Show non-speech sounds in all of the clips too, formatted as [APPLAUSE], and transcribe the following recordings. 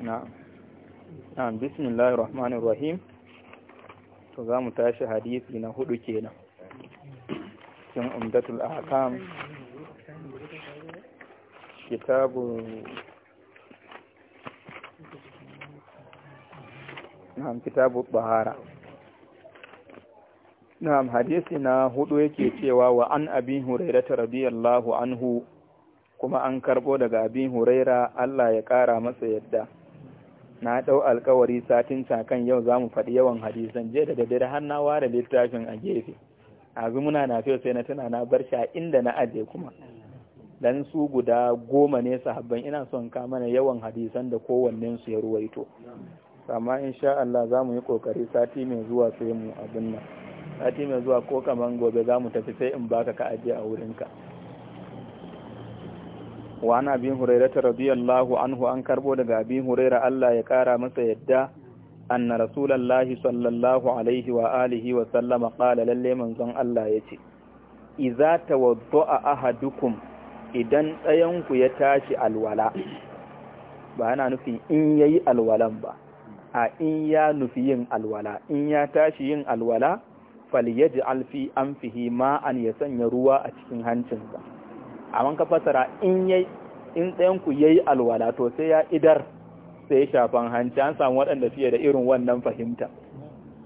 na'am bismillahir rahmanir rahim to za mu tashi hadisi na hudu kenan cikin umdatul ahkam kitabu na'am kitabu bahara na'am hadisi na hudu yake cewa wa an abi hurairah radiyallahu anhu kuma an karbo daga abin huraira Allah ya kara masa yadda na ɗau alkawari satin cakan yau za mu faɗi yawan hadisan je da daddare har na ware littafin a gefe a muna na fiye sai na tuna na bar shi a inda na aje kuma dan su guda goma ne sahabban ina son ka mana yawan hadisan da kowannen su ya ruwaito amma insha Allah za mu yi kokari sati mai zuwa sai mu abin nan sati mai zuwa ko kaman gobe za mu tafi sai in baka ka ajiye a wurinka wa abin bin hurairata radiyallahu anhu an karbo daga abin huraira Allah ya kara masa yadda anna rasulallahi sallallahu alaihi wa alihi wa sallama qala lalle manzon Allah yace idza tawadda'a ahadukum idan tsayanku ya tashi alwala ba yana nufin in yayi alwalan ba a in ya nufi yin alwala in ya tashi yin alwala falyaji alfi anfihi ma an ya sanya ruwa a cikin hancinsa amma ka fasara in yayi in ku yayi alwala to sai ya idar sai shafan hanci an samu waɗanda fiye da irin wannan fahimta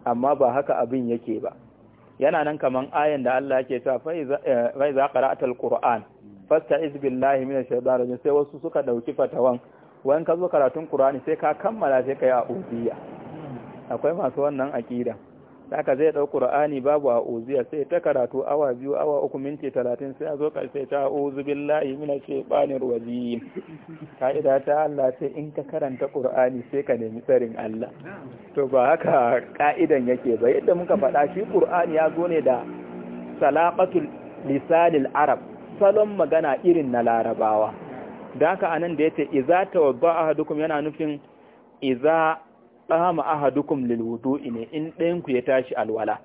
amma ba haka abin yake ba yana nan kaman ayan da Allah yake cewa fa iza eh, qara'atal qur'an fasta'iz billahi minash shaitanir rajim sai wasu suka dauki fatawan wayan ka zo karatun qur'ani sai ka kammala sai kai a ubiya akwai masu wannan akida haka zai ɗau ƙura'ani babu a oziya sai ta karatu awa biyu awa uku minti talatin sai a zo ƙarshe ta uzu billahi mina ce ɓanin rajim ka'ida ta Allah sai in ka karanta ƙur'ani sai ka nemi tsarin Allah to ba haka ka'idan yake ba yadda muka faɗa shi ƙur'ani ya zo ne da salaqatul lisanil arab salon magana irin na larabawa da haka anan da ya ce iza tawadda ahadukum yana nufin iza qama ahadukum lil wudu'i ne in ɗayan ku ya tashi alwala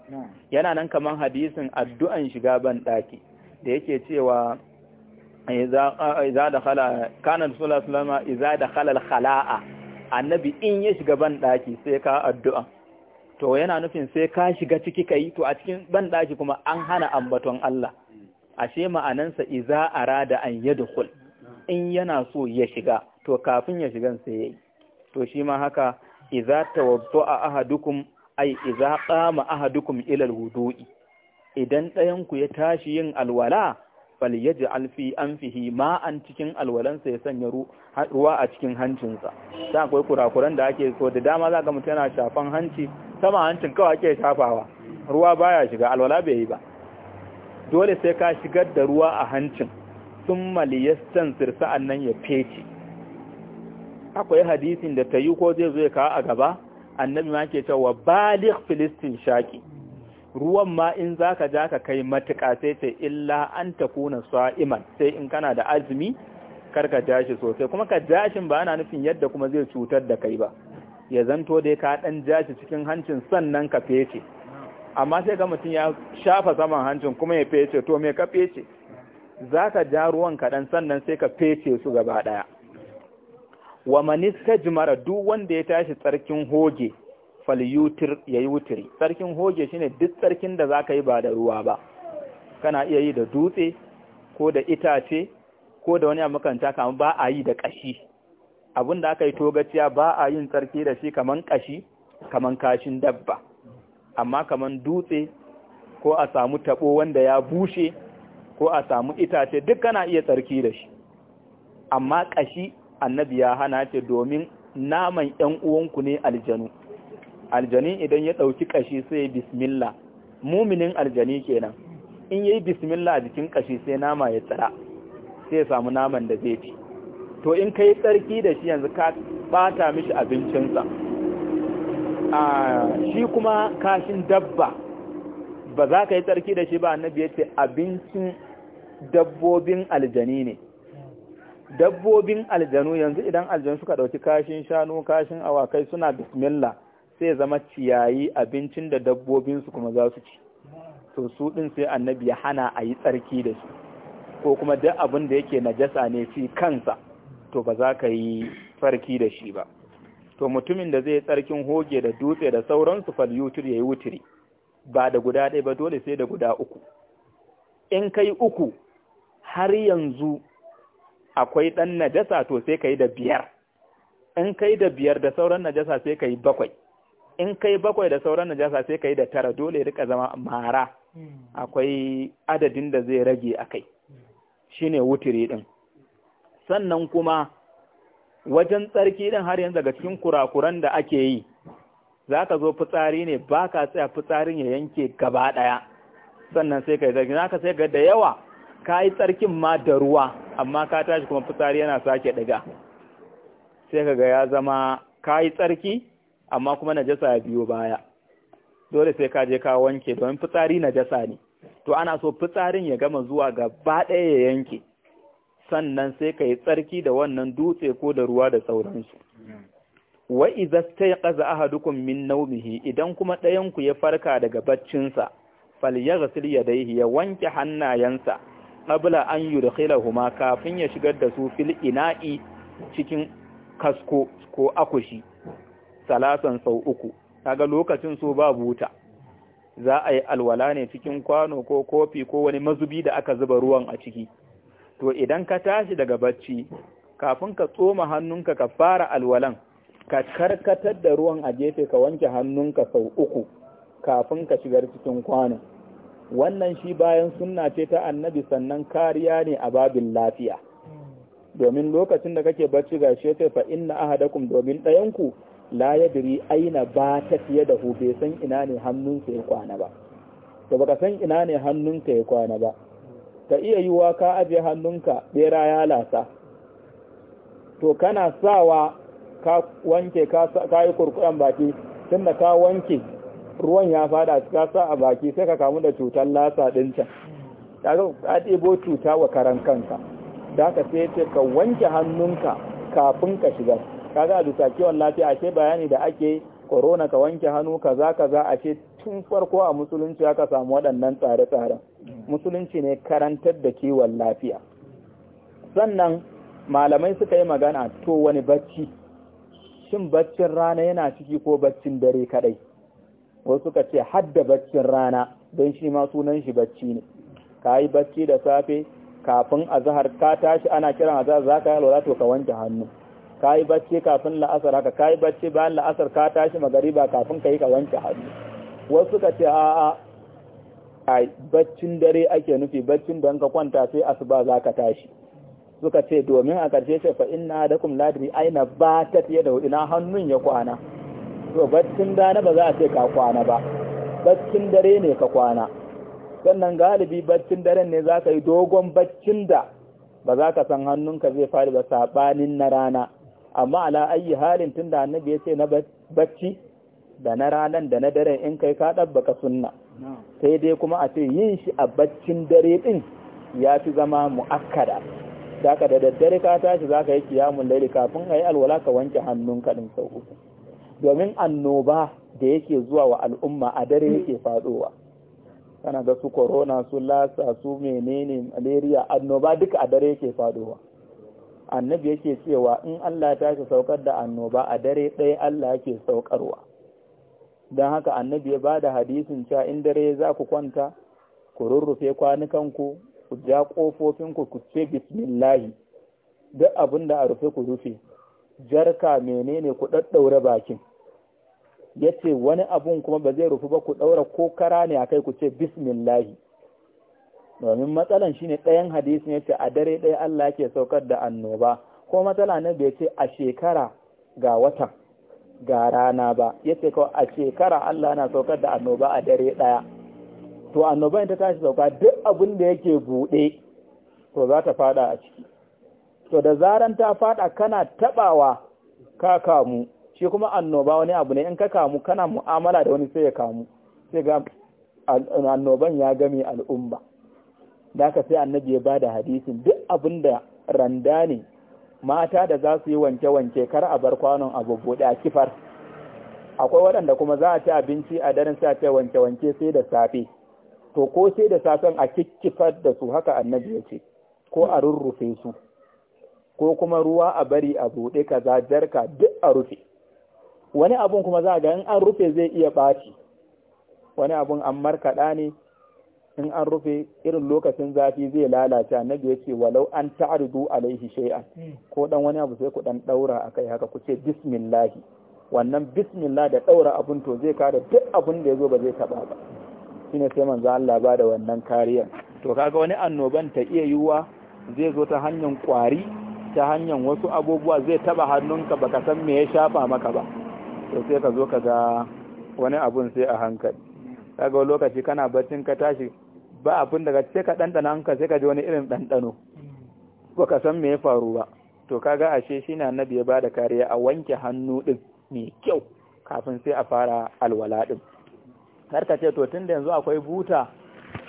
yana nan kaman hadisin addu'an shiga ban daki da yake cewa idza dakhala kana rasulullahi sallallahu alaihi khala'a annabi in ya shiga ban daki sai ka addu'a to yana nufin sai ka shiga ciki kai to a cikin ban daki kuma an hana ambaton Allah ashe ma'anansa iza arada an yadkhul in yana so ya shiga to kafin ya shigan sai yayi to shi ma haka Iza aha tawadda'a ahadukum ay kama qama ahadukum ila alwudu'i idan ɗayan ku ya tashi yin alwala falyaj'al fi ma an cikin alwalansa ya sanya ruwa a cikin hancinsa sai akwai kurakuran da ake so da dama zaka mutum yana shafan hanci sama hancin kawai ake shafawa ruwa baya shiga alwala bai yi ba dole sai ka shigar da ruwa a hancin sun maliyastansir sa'an nan ya fece akwai hadisin da ta yi ko zai zo ya kawo a gaba annabi ma ke cewa baligh filistin shaki ruwan ma in zaka ja ka kai matuƙa sai ce illa an ta kuna sa'iman sai in kana da azumi kar ka jashi sosai kuma ka jashin ba ana nufin yadda kuma zai cutar da kai ba ya zanto dai ka dan jashi cikin hancin sannan ka fece amma sai ga mutum ya shafa saman hancin kuma ya fece to me ka fece zaka ja ruwan kaɗan sannan sai ka fece su gaba ɗaya wa manista jimara duk wanda ya tashi tsarkin hoge falyutir ya yi wutiri tsarkin hoge shine duk tsarkin da zaka yi ba da ruwa ba kana iya yi da dutse ko da itace ko da wani makanta kamar ba a yi da kashi Abun da aka yi togaciya ba a yin tsarki da shi kaman kashi kaman kashin dabba amma kaman dutse ko a samu tabo wanda ya bushe ko a samu itace duk kana iya tsarki da shi amma kashi annabi ya hana ce domin naman ‘yan uwanku ne aljanu aljani idan ya ɗauki ƙashi sai bismillah muminin aljani kenan in yi bismillah a jikin ƙashi sai nama ya tsara sai samu naman da zai ci to in kai tsarki da shi yanzu ka bata mishi abincinsa a shi kuma kashin dabba ba za ka yi tsarki da shi ba annabi ya ce abincin dabbobin aljani ne dabbobin aljanu yanzu idan aljanu suka ɗauki kashin shanu kashin awakai suna bismillah sai zama ciyayi abincin da dabbobinsu kuma za su ci to su ɗin sai annabi ya hana a yi tsarki da su ko kuma duk abin da yake najasa ne fi kansa to ba za ka yi tsarki da shi ba to mutumin da zai tsarkin hoge da dutse da sauransu fal yutur ya yi wuturi ba da guda ɗaya ba dole sai da guda uku in kai uku har yanzu akwai ɗan najasa to sai ka yi da biyar in kai da biyar da sauran najasa sai ka yi bakwai in kai bakwai da sauran najasa sai ka yi da tara dole rika zama mara akwai adadin da zai rage a kai shi ne wutiri ɗin sannan kuma wajen tsarki ɗin har yanzu daga cikin kurakuran da ake yi za ka zo fitsari ne ba ka tsaya fitsarin ya yanke gaba ɗaya sannan sai ka yi zargi za ka sai ga da yawa ka yi tsarkin ma da ruwa amma ka tashi kuma fitsari yana sake daga sai kaga ya zama ka yi tsarki amma kuma na najasa biyu baya dole sai ka je ka wanke don fitsari na jasa ne to ana so fitsarin ya gama zuwa gaba ɗaya ya yanke sannan sai ka yi tsarki da wannan dutse ko da ruwa da sauransu wa idza aha ahadukum min nawmihi idan kuma ɗayanku ya farka daga baccinsa falyaghsil yadayhi ya wanke hannayensa qabla an yudkhilahuma kafin ya shigar da su fil ina'i cikin kasko ko akushi salasan sau uku kaga lokacin su babu wuta za a yi alwala ne cikin kwano ko kofi ko wani mazubi da aka zuba ruwan a ciki to idan ka tashi daga bacci kafin ka tsoma hannunka ka fara alwalan ka karkatar da ruwan a gefe ka wanke hannunka sau uku kafin ka shigar cikin kwano! wannan shi bayan sunna ce ta annabi sannan kariya ne a babin lafiya domin lokacin da kake bacci ga shi ce fa inna ahadakum domin ɗayanku la yadri aina ba ta fiye da hu bai san ina ne hannunsa ya kwana ba to baka san ina ne hannunka ya kwana ba ka iya wa ka aje hannunka bera ya lasa to kana sawa ka wanke ka yi kurkuren baki tunda ka wanke ruwan ya fada ka sa a baki sai ka kamu da cutar lasa dinta kaga ka ɗebo cuta wa karan kanka da ka sai ce ka wanke hannunka kafin ka shiga kaga a dusa kiwon lafiya ashe bayani da ake korona ka wanke hannu kaza kaza ashe tun farko a musulunci aka samu waɗannan tsare tsare musulunci ne karantar da kiwon lafiya sannan malamai suka yi magana to wani bacci shin baccin rana yana ciki ko baccin dare kadai wasu suka ce hadda baccin rana don shi ma sunan shi bacci ne ka yi bacci da safe kafin azahar ka tashi ana kiran azahar za ka yi lura to ka wanke hannu ka yi bacci kafin la'asar haka ka yi bacci bayan la'asar ka tashi magariba kafin ka yi ka wanke hannu wasu suka ce a'a a baccin dare ake nufi baccin don ka kwanta sai asuba za ka tashi suka ce domin a karshe ce fa da kum ladri aina ba ta fiye da ina hannun ya kwana to baccin dana ba za a ce ka kwana ba baccin dare ne ka kwana sannan galibi baccin daren ne za ka yi dogon baccin da ba za ka san hannunka zai fari ba saɓanin na rana amma ala ayi halin tun da annabi ya ce na bacci da na ranan da na daren in kai ka ɗabbaka sunna sai dai kuma a ce yin shi a baccin dare ɗin ya fi zama mu'akkada da ka da daddare ka tashi za ka yi kiyamun laili kafin a yi alwala ka wanke hannunka ɗin sau uku domin annoba da yake zuwa wa al'umma a dare hmm. yake faɗowa kana ga su corona su lasa su menene malaria annoba duka a dare yake faɗowa annabi yake cewa in Allah ta shi saukar da annoba a dare ɗaya Allah yake saukarwa don haka annabi ya ba da hadisin cewa in dare za ku kwanta ku rurrufe kwanukanku ku ja ƙofofinku ku ce bismillahi duk abin a rufe ku rufe jarka menene ku ɗaɗɗaure bakin ya ce wani abun kuma ba zai rufu ba ku ɗaura ko kara ne a kai ku ce bismillahi domin matsalan shine ɗayan hadisin ya ce a dare ɗaya Allah ke saukar da annoba ko matsala na bai ce a shekara ga watan ga rana ba ya ce kawai a shekara Allah na saukar da annoba a dare ɗaya to annoban ta tashi sauka duk abin da yake buɗe to za ta fada a ciki to da zaran ta fada kana tabawa ka kamu shi kuma annoba wani abu ne in ka kamu kana mu'amala da wani sai ya kamu sai ga annoban ya gami al'umma da aka sai annabi ya bada hadisin duk abin randa ne mata da za su yi wanke-wanke kar a bar kwanon a a kifar akwai waɗanda kuma za a ci abinci a daren sai a ce wanke-wanke sai da safe to ko sai da safen a kikkifar da su haka annabi ya ce ko a rurrufe su ko kuma ruwa a bari a buɗe kaza jarka duk a rufe wani abun kuma za ga in an rufe zai iya ɓaci wani abun an markaɗa ne in an rufe irin lokacin zafi zai lalace annabi ya ce walau an ta'ridu alaihi shay'an hmm. ko dan wani abu sai ku dan daura akai haka ku ce bismillah wannan bismillah da daura abun to zai kada duk abun da yazo ba zai taba ba shine sai manzo Allah ba da wannan kariya to kaga wani annoban ta iya yiwuwa zai zo ta hanyar kwari ta hanyar wasu abubuwa zai taba hannunka baka san me ya shafa maka ba to sai ka zo ka ga wani abun sai a hankali kaga wani lokaci kana baccin ka tashi ba abin daga sai ka ɗanɗana hanka sai ka ji wani irin ɗanɗano ba ka san me ya faru ba to kaga ashe shi annabi ya bada kariya a wanke hannu din mai kyau kafin sai a fara alwala ɗin har ka ce to tunda yanzu akwai buta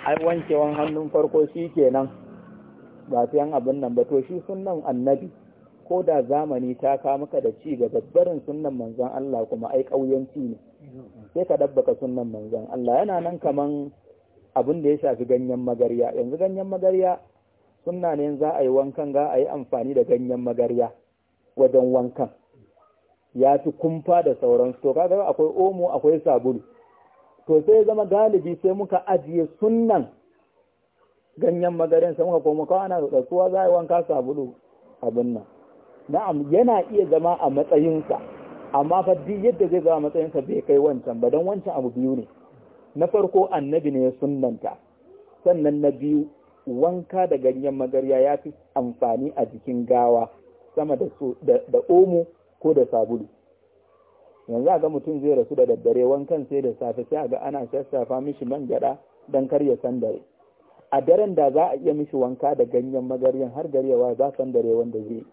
ai wankewan hannun farko shi kenan ba sai an abin nan ba to shi sunan annabi ko da zamani ta ka maka da ci ga babbarin sunnan manzon Allah kuma ai kauyanci ne sai ka dabbaka sunnan manzon Allah yana nan kaman abin da ya shafi ganyen magarya yanzu ganyen magarya sunna ne za a yi wankan ga a yi amfani da ganyen magarya wajen wankan ya fi kumfa da sauransu to kaga akwai omo akwai sabulu to sai ya zama galibi sai muka ajiye sunnan ganyen magarya sai muka koma kawana da tsatsuwa za a yi wanka sabulu abin nan na'am yana iya zama a matsayinsa amma fa duk yadda zai zama matsayinsa bai kai wancan ba don wancan abu biyu ne na farko annabi ne ya sunnanta sannan na biyu wanka da ganyen magarya ya fi amfani a jikin gawa sama da, da, omo ko da sabulu yanzu a ga mutum zai rasu da daddare wankan sai da safe sai a ga ana sassafa mishi man gyada don kar ya sandare a daren da za a iya mishi wanka da ganyen magaryan har garewa za sandare wanda zai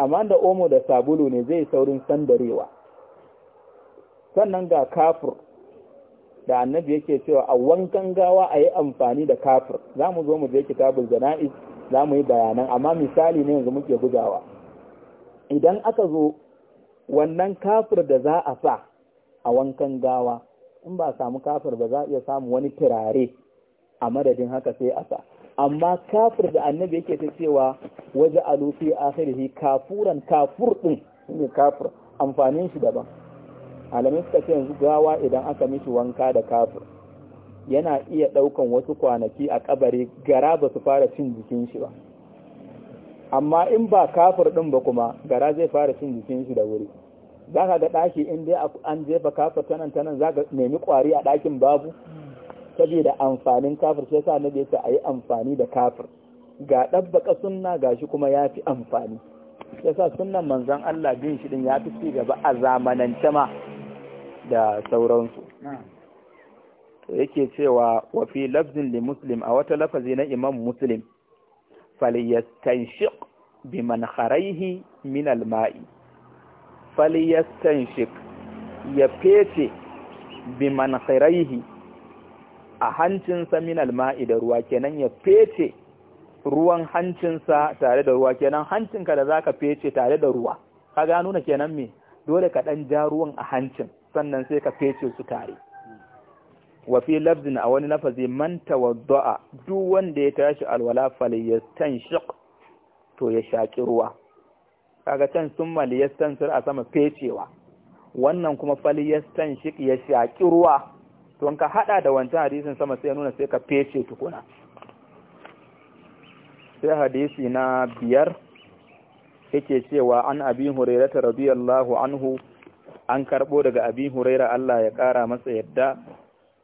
amma da omo da sabulu ne zai saurin sandarewa sannan ga kafir da annabi yake cewa a wankan gawa a yi amfani da kafir za mu zo mu je kitabul jana'iz za mu yi bayanan amma misali ne yanzu muke bugawa idan aka zo wannan kafir da za a sa a wankan gawa in ba samu kafir ba za a iya samu wani turare a madadin haka sai a sa amma kafir da annabi yake ta cewa waje alufi sarihi kafuran kafur din ne kafir amfanin shi daban alamin suka ce yanzu gawa idan aka mishi wanka da kafur yana iya ɗaukan wasu kwanaki a kabari gara ba su fara cin jikin shi ba amma in ba kafur ɗin ba kuma gara zai fara cin jikin shi da wuri za ka ga ɗaki in dai an jefa kafir tanan tanan ka nemi kwari a ɗakin babu saboda amfanin kafir sai sa nabi yace ayi amfani da kafir ga dabbaka sunna gashi kuma yafi amfani sa sunnan manzon Allah bin shi din yafi ci gaba a zamanance ma da sauransu to yake cewa wa fi lafzin li muslim a wata lafazi na imam muslim falyastanshiq biman kharaihi min alma'i falyastanshiq ya fece biman kharaihi a hancinsa min alma'i da ruwa kenan ya fece ruwan hancinsa tare da ruwa kenan hancinka da za ka fece tare da ruwa ka gano na kenan me dole ka ɗan ja ruwan a hancin sannan sai ka fece su tare Wafi lafzin a wani lafazi man tawadda'a duk wanda ya tashi alwala falyastanshiq to ya shaki ruwa kaga can sun maliyastansir a sama fecewa wannan kuma falyastanshiq ya shaki ruwa to ka hada da wancan hadisin sama sai nuna sai ka fece tukuna sai hadisi na biyar yake cewa an abi ta radiyallahu anhu an karbo daga abin huraira Allah ya kara masa yadda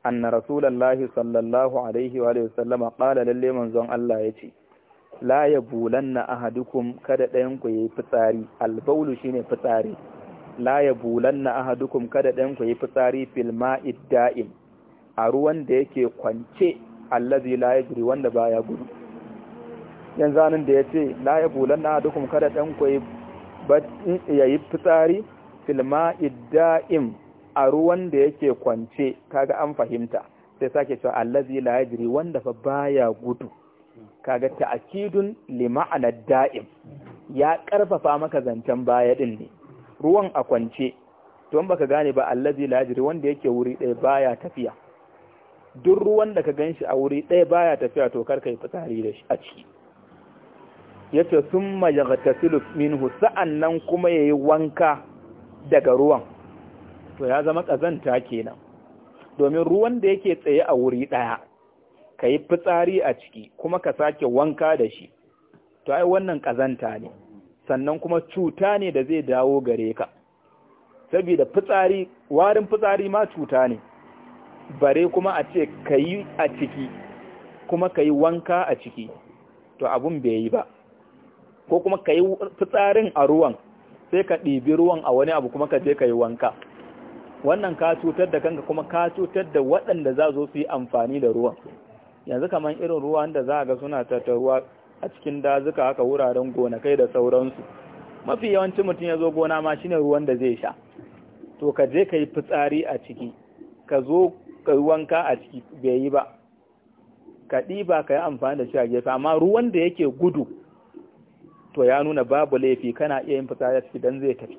anna rasulullahi sallallahu alaihi wa sallama qala lalle manzon Allah yace la yabulanna ahadukum kada ɗayan ku yi fitsari albaulu shine fitsari la yabulanna ahadukum kada ɗayan ku yi fitsari fil ma'id da'im a ruwan da yake kwance allazi la yajri wanda ba ya gudu yanzu anan da yace la yabulanna dukum kada dan koyi yayi fitsari filma idda'im a ruwan da yake kwance kaga an fahimta sai sake cewa allazi la yajri wanda fa ba ya gudu kaga ta'kidun li ma'ana da'im ya karfafa maka zancen baya din ne ruwan a kwance to an baka gane ba allazi la yajri wanda yake wuri ɗaya baya tafiya duk ruwan da ka gan shi a wuri ɗaya baya tafiya to kar ka yi fitsari da shi a ciki Ya ce yace summa yaghtasilu minhu sa'annan kuma ya yi wanka daga ruwan to ya zama ƙazanta kenan domin ruwan da yake tsaye a wuri ɗaya ka yi fitsari a ciki kuma ka sake wanka da shi to ai wannan ƙazanta ne sannan kuma cuta ne da zai dawo gare ka Sabida fitsari warin fitsari ma cuta ne bare kuma a ce ka yi a ciki kuma ka yi wanka a ciki to abun bai yi ba ko kuma ka yi fitsarin a ruwan sai ka ɗibi ruwan a wani abu kuma ka je ka yi wanka wannan ka cutar da kanka kuma ka cutar da waɗanda za zo su yi amfani da ruwan yanzu kamar irin ruwan da za a ga suna ruwa a cikin dazuka haka wuraren gona kai da sauransu mafi yawancin mutum ya zo gona ma shine ruwan da zai sha to ka je ka yi fitsari a ciki ka zo ka yi wanka a ciki bai yi ba ka ba ka yi amfani da shi a gefe amma ruwan da yake gudu to ya nuna babu laifi kana iya yin fitsari ciki dan zai tafi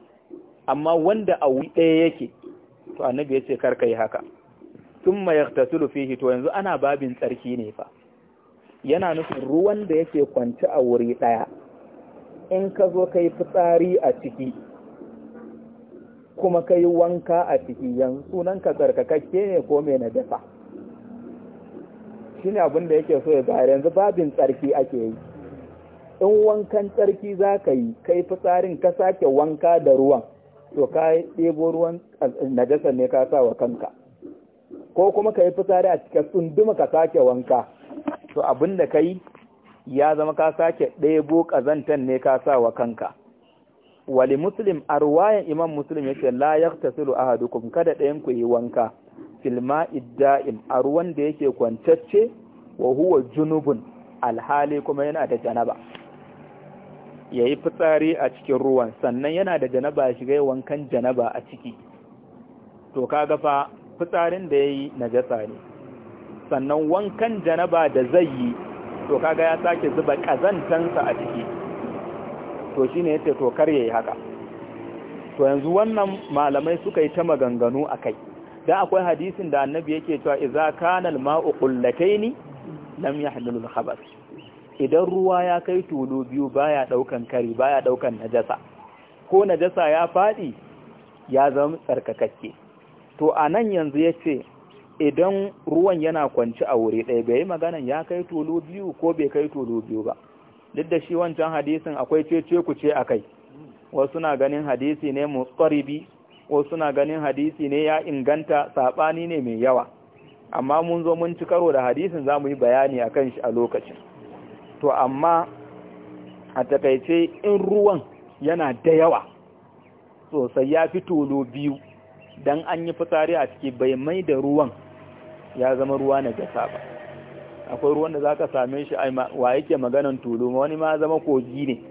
amma wanda a wuri ɗaya yake to annabi ya ce kar ka yi haka sun mai yaktasilu fihi to yanzu ana babin tsarki ne fa yana nufin ruwan da yake kwanci a wuri ɗaya in ka zo ka yi fitsari a ciki kuma ka yi wanka a ciki yanzu ka tsarkakakke ne ko mai dafa shi ne abinda yake so ya zara yanzu babin tsarki ake yi in wankan tsarki za ka yi ka yi fitsarin ka sake wanka da ruwan to ka ɗebo ruwan najasa ne ka sa wa kanka ko kuma ka yi fitsari a cikin tsunduma ka sake wanka to abinda ka yi ya zama ka sake ɗebo ƙazantan ne ka sa wa kanka wali muslim a ruwayan imam muslim yake la yaktasilu ahadukum kada ɗayan ku yi wanka filma idda'im a ruwan da yake kwantacce wa huwa junubun alhali kuma yana da janaba yayi fitsari a cikin ruwan sannan yana da janaba ya shiga wankan janaba a ciki to kaga fa fitsarin da yayi najasa ne sannan wankan janaba da zai yi to kaga ya sake zuba ƙazantansa a ciki to shi ne yace to kar yayi haka to yanzu wannan malamai suka yi ta maganganu a kai, da akwai hadisin da annabi yake cewa iza kana al-ma'u qullataini lam yahlul khabath idan ruwa ya kai tulu biyu baya daukan kari baya daukan najasa ko najasa ya faɗi, ya zama tsarkakakke to anan yanzu yace idan ruwan yana kwanci a wuri ɗaya bai maganan ya kai tulu biyu ko bai kai tulu biyu ba duk da shi wancan hadisin akwai cece ku ce akai wasu na ganin hadisi ne mutsaribi wasu na ganin hadisi ne ya inganta sabani ne mai yawa amma mun zo mun ci karo da hadisin za mu yi bayani a shi a lokacin to amma a takaice in ruwan yana da yawa sosai ya fi tolo biyu don an yi fitsari a ciki bai mai da ruwan ya zama ruwa na jasa ba akwai ruwan da zaka same shi wa yake maganan tulu wani ma zama kogi ne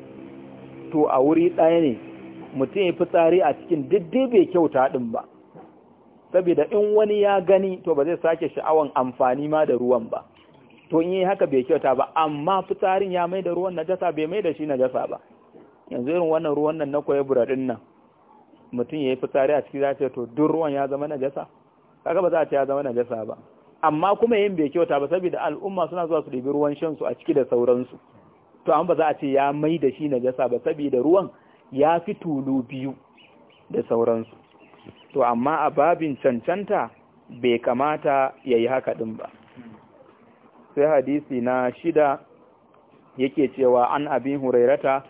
to a wuri ɗaya ne mutum ya fitsari a cikin diddai bai kyauta din ba saboda in wani ya gani to ba zai sake sha'awan amfani ma da ruwan ba to in yi haka bai kyauta ba amma fitsarin ya mai da ruwan najasa bai mai da shi najasa ba yanzu irin wannan ruwan nan na koyi buraɗin nan mutum ya yi fitsari a ciki za ce to duk ruwan ya zama najasa kaga ba za a ce ya zama najasa ba amma kuma yin bai kyauta ba saboda al'umma suna zuwa su ɗebi ruwan shansu a ciki da sauransu to an ba za a ce ya mai da shi na jasa, ba saboda ruwan ya fi tulu biyu da sauransu to amma a babin cancanta bai kamata ya yi haka ɗin ba sai hadisi na shida yake cewa an abin hurairata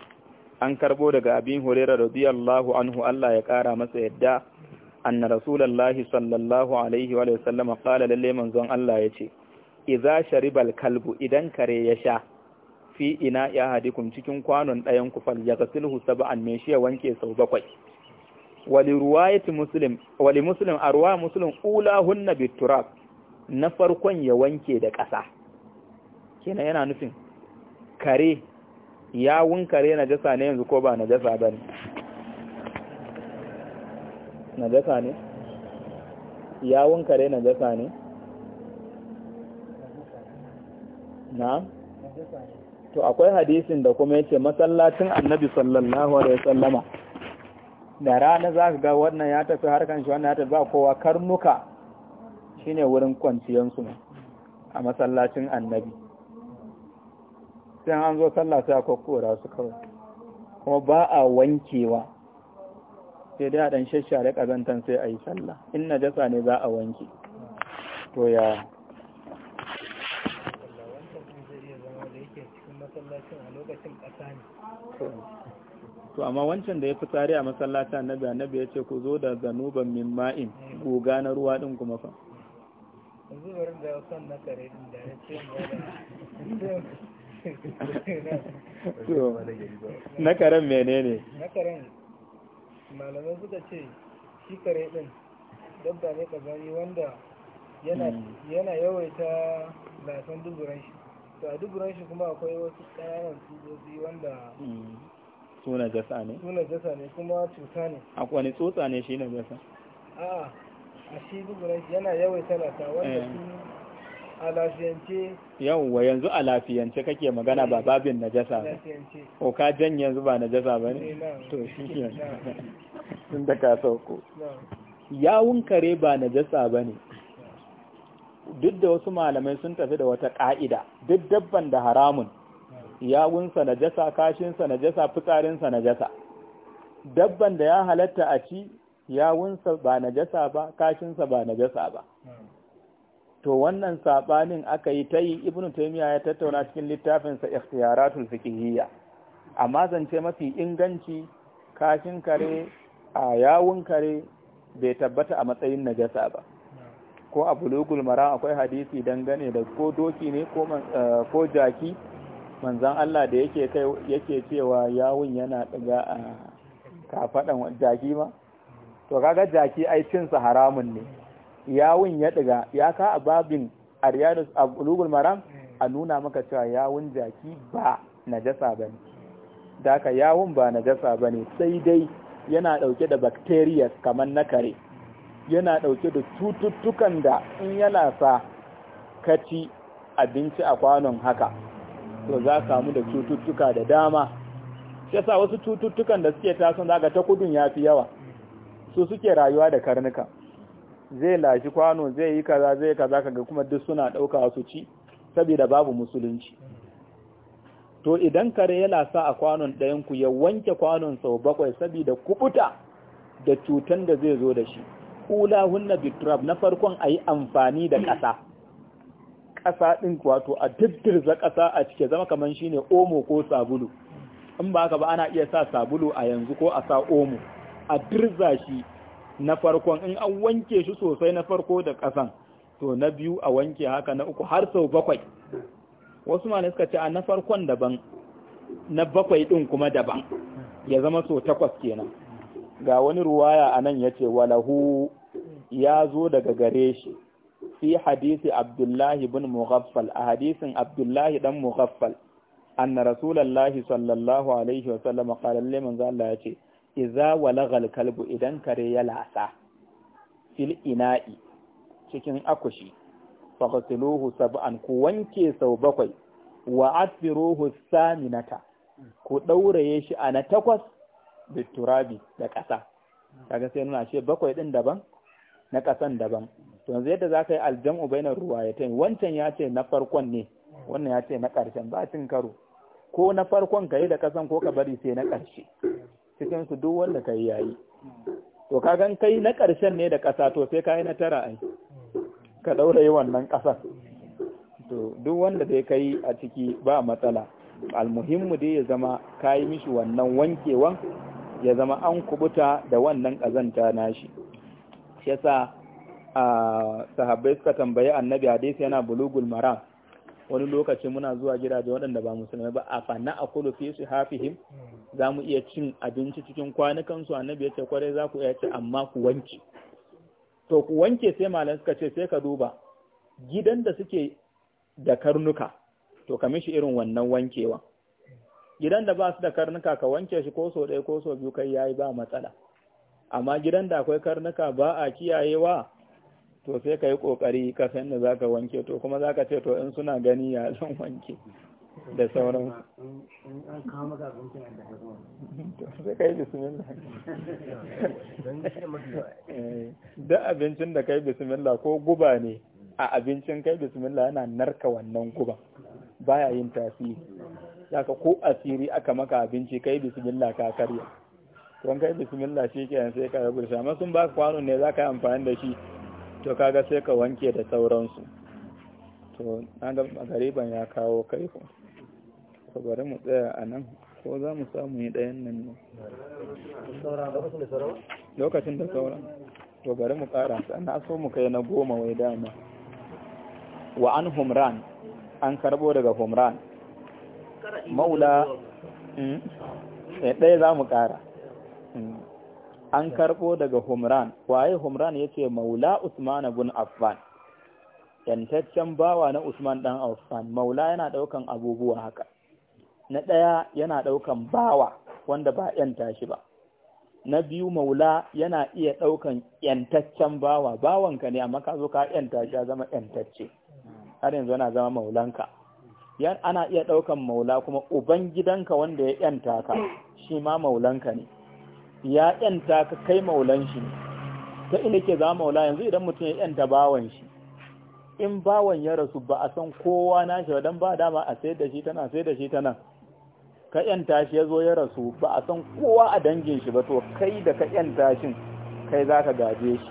an karbo daga abin hurairar radiyallahu anhu Allah ya ƙara masa yadda anna rasulullahi sallallahu alaihi wa sallama qala lalle manzon Allah ya ce, idza sharibal kalbu idan kare ya sha fi ina ya hadikum cikin kwanon ɗayan ku fal yaghsilhu sab'an me shi ya wanke sau bakwai wali ruwayati muslim wali muslim arwa muslim ulahunna biturab na farkon ya wanke da ƙasa kenan yana nufin kare yawun kare najasa ne yanzu ko ba na najasa bane najasa ne yawon kare najasa ne na to akwai hadisin da kuma yace masallacin annabi sallallahu alaihi wasallama da rana za ka ga wannan ya tafi harkan shi wannan ya tafi ba kowa karnuka shine wurin kwanciyansu ne a masallacin annabi sai an zo sallah sai a kokkora su kawai kuma ba a wankewa sai dai a ɗan shashare ƙazantan sai a yi sallah in jasa ne za a wanke to ya to amma wancan da ya fi tsari a na annabi annabi ya ce ku zo da zanuban min ma'in goga na ruwa ɗin kuma fa na karen menene na karen malamai suka ce shi kare din dabba ne kazani wanda yana hmm. yawaita lasan duburan shi to a duburan shi kuma akwai wasu ƙananan tsutsotsi wanda hmm. suna jasa ne suna jasa ne kuma cuta ne Akwai ne tsotsa ne shi na jasa a a shi duburan shi yana yawaita lasa wanda eh. su a lafiyance yanzu a lafiyance kake magana ba eh, babin najasa ba O ka jan yanzu ba najasa ba ne eh, to shi sun [LAUGHS] da ka sauko yawun kare ba najasa ba ne duk da wasu malamai sun tafi da wata ka'ida duk dabban da haramun yawunsa najasa kashinsa najasa fitsarinsa najasa dabban da ya halatta a ci yawunsa ba najasa ba kashinsa ba najasa ba to wannan sabanin aka yi ta yi ibnu taymiya ya tattauna cikin littafinsa ikhtiyaratul fiqhiyya amma zance mafi inganci kashin kare a yawun kare bai tabbata a matsayin najasa ba ko a bulugul mara akwai hadisi dangane da ko doki ne ko eh, jaki manzan Allah da yake kai yake cewa yawun yana daga a eh, kafadan jaki ma to kaga jaki ai cin sa haramun ne yawun ya ɗiga ya ka a babin a Lugul maram a nuna maka cewa yawun jaki ba na jasa ba ne da aka yawun ba na jasa ba ne sai dai yana ɗauke da bakteriyas kamar na kare yana ɗauke da cututtukan da in yana sa kaci abinci a kwanon haka to za samu da cututtuka da dama yasa wasu cututtukan da suke taso daga ta kudun ya fi yawa su suke rayuwa da karnuka zai lashi kwano zai yi kaza zai kaza kaga kuma duk suna ɗauka su ci saboda babu musulunci to idan kare ya lasa a kwanon ɗayan ku ya wanke kwanon sau bakwai saboda kubuta da cutan da zai zo da shi kula hunna bitrab na farkon a yi amfani da ƙasa ƙasa ɗin wato a diddirza ƙasa a cike zama kamar shine omo ko sabulu in ba haka ba ana iya sa sabulu a yanzu ko a sa omo a dirza shi na farkon in an wanke shi sosai na farko da ƙasan to na biyu a wanke haka na uku har sau bakwai wasu ma suka ce a na farkon daban na bakwai ɗin kuma daban ya zama sau takwas kenan ga wani ruwaya a nan ya ce walahu ya zo daga gare shi fi hadisi abdullahi bin mughaffal a hadisin abdullahi dan mughaffal anna rasulallahi sallallahu alaihi wa sallam qala liman zalla ya ce iza walagal kalbu idan kare ya lasa fil ina'i cikin akushi faqtiluhu sab'an ku wanke sau bakwai wa asfiruhu saminata ku dauraye shi a na takwas da turabi da ƙasa kaga sai nuna ce bakwai din daban na ƙasan daban to yanzu yadda ka yi aljam'u bainar ruwayatain wancan ya ce na farkon ne wannan ya ce na ƙarshen ba cin karo ko na farkon ka yi da ƙasan ko ka bari sai na ƙarshe cikin su duk wanda kai yayi to ka gan kai na ƙarshen ne da ƙasa to sai kai na tara ai ka daurayi wannan ƙasa to duk wanda dai kai a ciki ba matsala almuhimmu dai ya zama kai mishi wannan wankewan ya zama an kubuta da wannan ƙazanta nashi shi yasa a sahabbai suka tambayi annabi hadisi yana bulugul maram wani lokaci muna zuwa gidaje waɗanda ba musulmai ba a fanna a kulu fi su hafihim za mu iya cin abinci cikin kwanukansu annabi ya ce kwarai za ku iya ci amma ku wanke to ku wanke sai malam suka ce sai ka duba gidan da suke da karnuka to ka mishi irin wannan wankewa gidan da ba su da karnuka ka wanke shi ko so ɗaya ko so biyu kai yayi ba matsala amma gidan da akwai karnuka ba a kiyayewa to sai ka yi ƙoƙari ka san da za ka wanke to kuma za ka ce to in suna gani ya zan wanke da sauran da abincin da kai bismillah ko guba ne a abincin kai bismillah yana narka wannan guba baya yin tasiri zaka ko asiri aka maka abinci kai bismillah ka karya don kai bismillah shi kenan sai ka rabu amma sun ba kwano ne zaka yi amfani da shi to kaga sai ka wanke da sauransu to na ga gariban ya kawo kai haka bari mu tsaya a nan ko za mu samu yi ɗayan nan ne lokacin da sauran to bari mu ƙara sannan so mu kai na goma wai dama wa an humran an karbo daga humran maula hmm, eh, ɗaya za mu ƙara hmm. an karbo daga humran waye humran ya ce maula usman bin affan yantaccen bawa na usman dan affan maula yana ɗaukan abubuwa haka na ɗaya yana ɗaukan bawa wanda ba ‘yanta shi ba na biyu maula yana iya ɗaukan ‘yantaccen bawa bawanka ne amma ka zo ka ‘yanta shi ya zama ‘yantacce har yanzu yana zama maulanka ana iya ɗaukan maula kuma ubangidanka wanda ya ‘yanta ka shi ma maulanka ne ya ‘yanta ka kai maulan shi ne ta ina ke zama maula yanzu idan mutum ya ‘yanta bawan shi in bawan ya rasu ba a san kowa na shi don ba dama a sayar da shi tana sayar da shi tana ka yanta shi ya zo ya rasu ba a san kowa a dangin shi ba to kai da ka yanta shi kai za ka gaje shi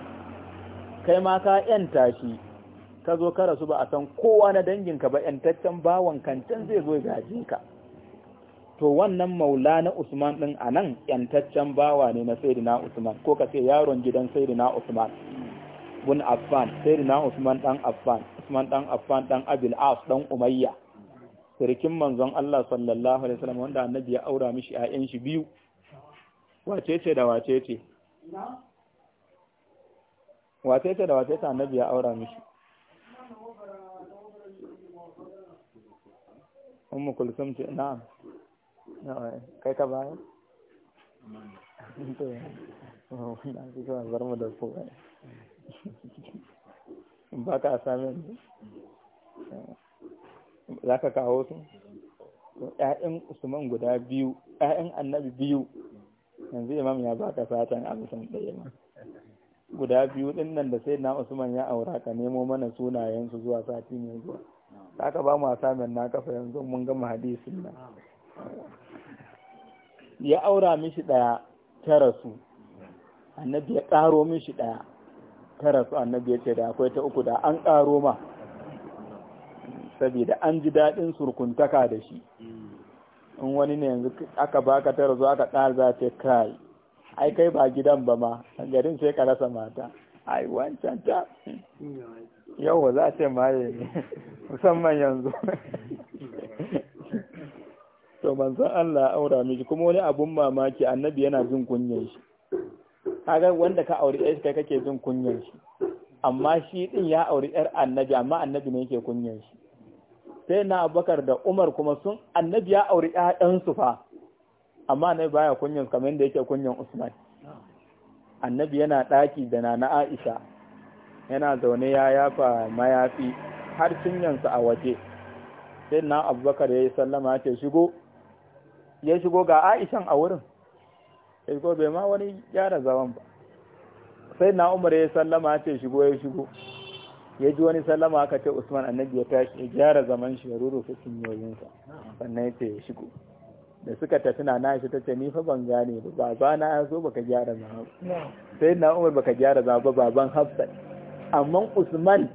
kai ma ka yanta shi ka zo ka rasu ba a san kowa na danginka ba yantaccen bawan kancan zai zo ya gaje ka to wannan maula na Usman din anan yantaccen bawa ne na Sayyidina Usman ko ka ce yaron gidan Sayyidina Usman bun Affan Sayyidina Usman dan Affan Usman dan Affan dan Abil As dan Umayya sirikin manzon Allah sallallahu alaihi wasallam wanda annabi ya aura mishi ƴaƴan shi biyu wace ce da wace ce wace ce da wace ce annabi ya aura mishi ummu kulsum ce na'am kai ka baya ba ka sami za ka kawo su ‘ya'yan usman guda biyu ‘ya'yan annabi biyu yanzu imam ya ba ka satan abusan ɗaya ma guda biyu ɗin nan da sai na usman ya aura ka nemo mana su zuwa sati mai zuwa za ka ba mu samun na kafa yanzu mun gama hadisin nan ya aura mishi ɗaya tara su annabi ya ƙaro mishi ɗaya tara su annabi ya ce da akwai ta uku da an ƙaro ma saboda an ji daɗin surkuntaka da shi in wani ne yanzu aka baka tara zuwa ka ɗan za ce kai ai kai ba gidan ba ma garin sai ka rasa mata ai wancan ta yawa za ce maye ne musamman yanzu to manzon Allah aura miki kuma wani abun mamaki annabi yana jin kunyar shi kaga wanda ka aure ɗaya kai kake jin kunyar shi amma shi din ya auri yar annabi amma annabi ne yake kunyar shi sai na abubakar da umar kuma sun annabi ya auri ‘ya'yansu fa amma na baya kunyan kamar da yake kunyan usman annabi yana ɗaki da na na aisha yana zaune ya yafa mayafi har cinyansa a waje sai na abubakar ya yi sallama ce shigo ya shigo ga aishan a wurin ya shigo bai ma wani gyara zawon ba sai na umar ya yi sallama ce shigo ya shigo ya ji wani sallama aka ce usman annabi ya tashi ya gyara zaman shi ya rurrufe cinyoyinsa sannan ya ce ya shigo da suka tafi na na shi ta ce ni fa ban gane ba baba na ya zo baka gyara zama sai na umar baka gyara zama ba baban hafsan amma usman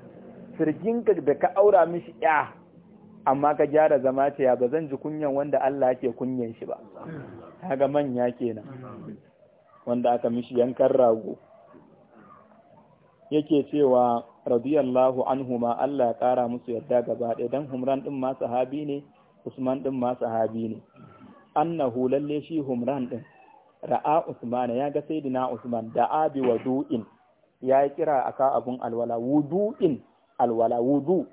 sirginka da ka aura mishi ya amma ka gyara zama ce ya ba zan ji kunyan wanda Allah yake kunyan shi ba kaga manya kenan wanda aka mishi yankan rago yake cewa radiyallahu ma Allah ya kara musu yadda gaba ɗaya dan humran din ma sahabi ne Usman din ma sahabi ne annahu lalle shi humran din ra'a Usman ya ga sayyidina Usman da abi wudu'in ya yi kira aka abun alwala wudu'in alwala wudu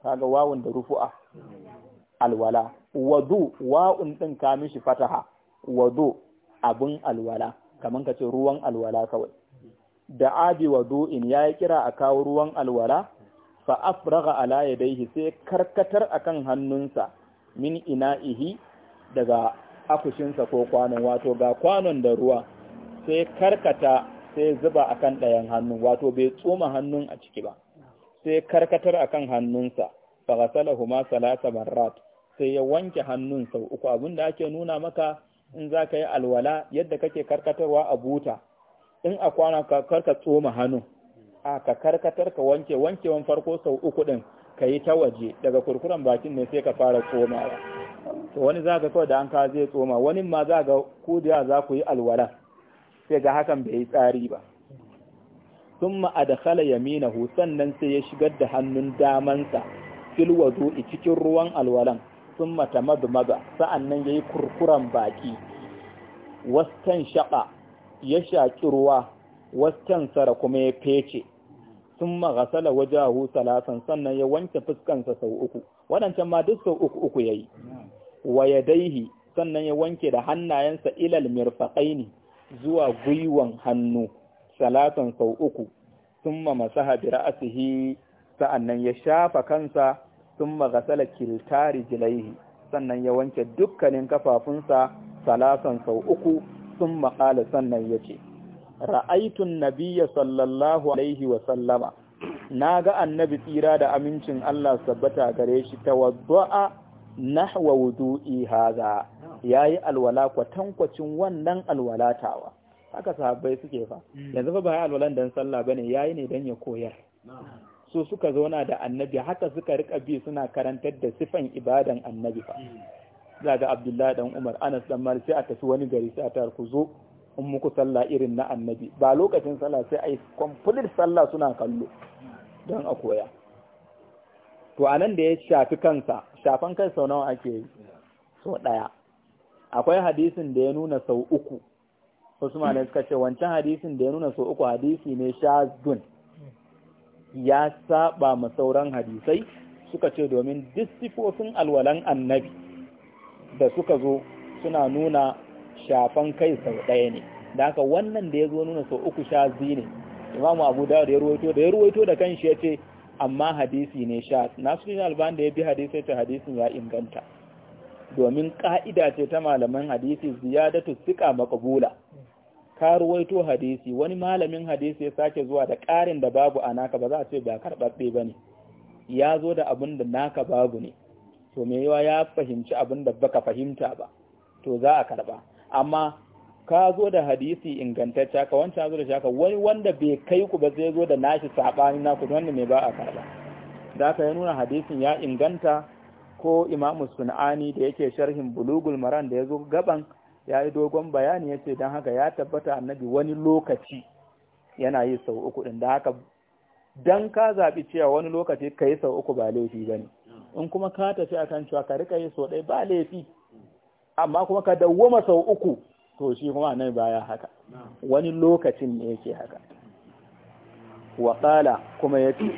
kaga wawun da rufu'a alwala wadu wa'un din ka mishi fataha wudu abun alwala kaman kace ruwan alwala kawai da abi wa du'in ya yi kira a kawo ruwan alwala fa afraga ala yadayhi sai karkatar akan hannunsa min ina'ihi daga akushinsa ko kwanon wato ga kwanon da ruwa sai karkata sai zuba akan ɗayan hannun wato bai tsoma hannun a ciki ba sai karkatar akan hannunsa fa huma salasa marrat sai ya wanke hannun sau uku abinda ake nuna maka in zaka yi alwala yadda kake karkatarwa a buta in a kwana ka karka tsoma hannu a ka karkatar ka wanke wankewan farko sau uku ɗin ka yi ta waje daga kurkuren bakin ne sai ka fara tsoma to wani za ka kawai da an ka zai tsoma wani ma za ga ku da za ku yi alwala sai ga hakan bai yi tsari ba thumma adkhala yaminahu sannan sai ya shigar da hannun damansa fil wudu'i cikin ruwan alwalan thumma maga sa'annan yi kurkuran baki wastan shaɓa ya shaƙi ruwa wasan sara kuma ya fece sun maghasala wajahu salasan sannan ya wanke fuskansa sau uku waɗancan ma duk sau uku uku yayi wa yadaihi sannan ya wanke da hannayensa ilal mirfaqaini zuwa gwiwan hannu salasan sau uku ma masaha bi ra'sihi sa'annan ya shafa kansa summa ghasala kiltari jilaihi sannan ya wanke dukkanin kafafunsa salasan sau uku sun maƙala sannan ya ce ra'aitun nabiya sallallahu alaihi wasallama na ga annabi tsira da amincin Allah sabbata gare shi ta wadda'a nahwa ihaza ya yayi alwala kwatankwacin wannan alwalatawa haka sahabbai suke fa hmm. yanzu ba ba alwalan don sallah ba ne. Ya yi ne don ya koyar so suka zauna da annabi haka suka rika bi suna karantar da sifan ibadan annabi fa hmm. za ga abdullahi dan umar anas dan malik sai a tafi wani gari sai a tar ku zo in muku sallah irin na annabi ba lokacin sallah sai a yi complete sallah suna kallo don a koya to anan da ya shafi kansa shafan kai sau nawa ake yi so ɗaya akwai hadisin da ya nuna sau uku wasu ma suka ce wancan hadisin da ya nuna sau uku hadisi ne shazun ya saba ma sauran hadisai suka ce domin duk sifofin alwalan annabi da suka zo suna nuna shafan kai sau ɗaya ne da haka wannan da ya zo nuna sau uku sha zi ne imamu abu da ya ruwaito da ya ruwaito da kanshi ya ce amma hadisi ne sha yin alban da ya bi hadisi ta hadisin ya inganta domin ka'ida ce ta malaman hadisi ziyadatu sika makabula ka ruwaito hadisi wani malamin hadisi ya sake zuwa da ƙarin da babu a naka ba za a ce ba karɓaɓɓe ba ne ya zo da abin da naka babu ne to me yawa ya fahimci abin da baka fahimta ba to za a karba amma ka zo da hadisi ingantacce ka wancan zo da shaka wani wanda bai kai ku ba zai zo da nashi sabani na ku wanda me ba a karba da ka ya nuna hadisin ya inganta ko imamu sun'ani da yake sharhin bulugul maran da ya zo gaban ya yi dogon bayani ya ce don haka ya tabbata annabi wani lokaci yana yi sau uku ɗin da haka don ka zaɓi cewa wani lokaci ka yi sau uku ba laifi ba ne in kuma ka tafi akan cewa ka rika yi sau ɗaya ba laifi amma kuma ka dawwama sau uku to shi kuma nan baya haka wani lokacin ne yake haka wa kuma yace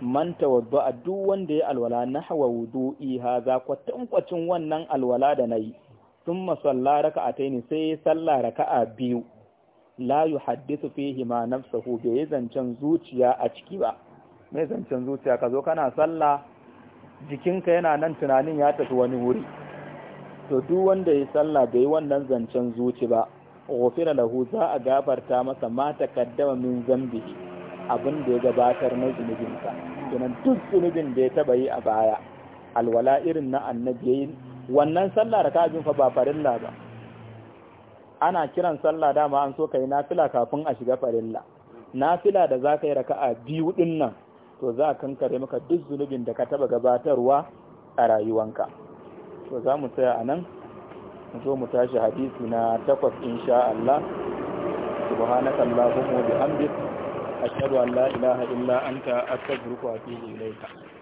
man tawadda duk wanda ya alwala na nahwa wudu'i hadha kwatankwacin wannan alwala da nayi thumma salla raka'ataini sai salla raka'a biyu la yuhaddithu fihi ma nafsuhu bai zancen zuciya a ciki ba mai zancen zuciya ka zo kana salla jikinka yana nan tunanin ya tafi wani wuri to duk wanda ya sallah bai wannan zancen zuci ba ghufira lahu za a gafarta masa ma takaddama min zambi abin da ya gabatar na zunubinsa kenan duk zunubin da ya taba yi a baya alwala irin na annabi yayin wannan sallah da kajin fa ba farilla ba ana kiran sallah dama an so kai nafila kafin a shiga farilla nafila da zaka yi raka'a biyu din nan to za a kankare maka duk zunubin da ka taba gabatarwa a rayuwanka to za mu tsaya a nan mu zo mu tashi hadisi na takwas insha Allah subhanaka allahumma wa bihamdik ashhadu an la ilaha illa anta astaghfiruka wa atubu ilayka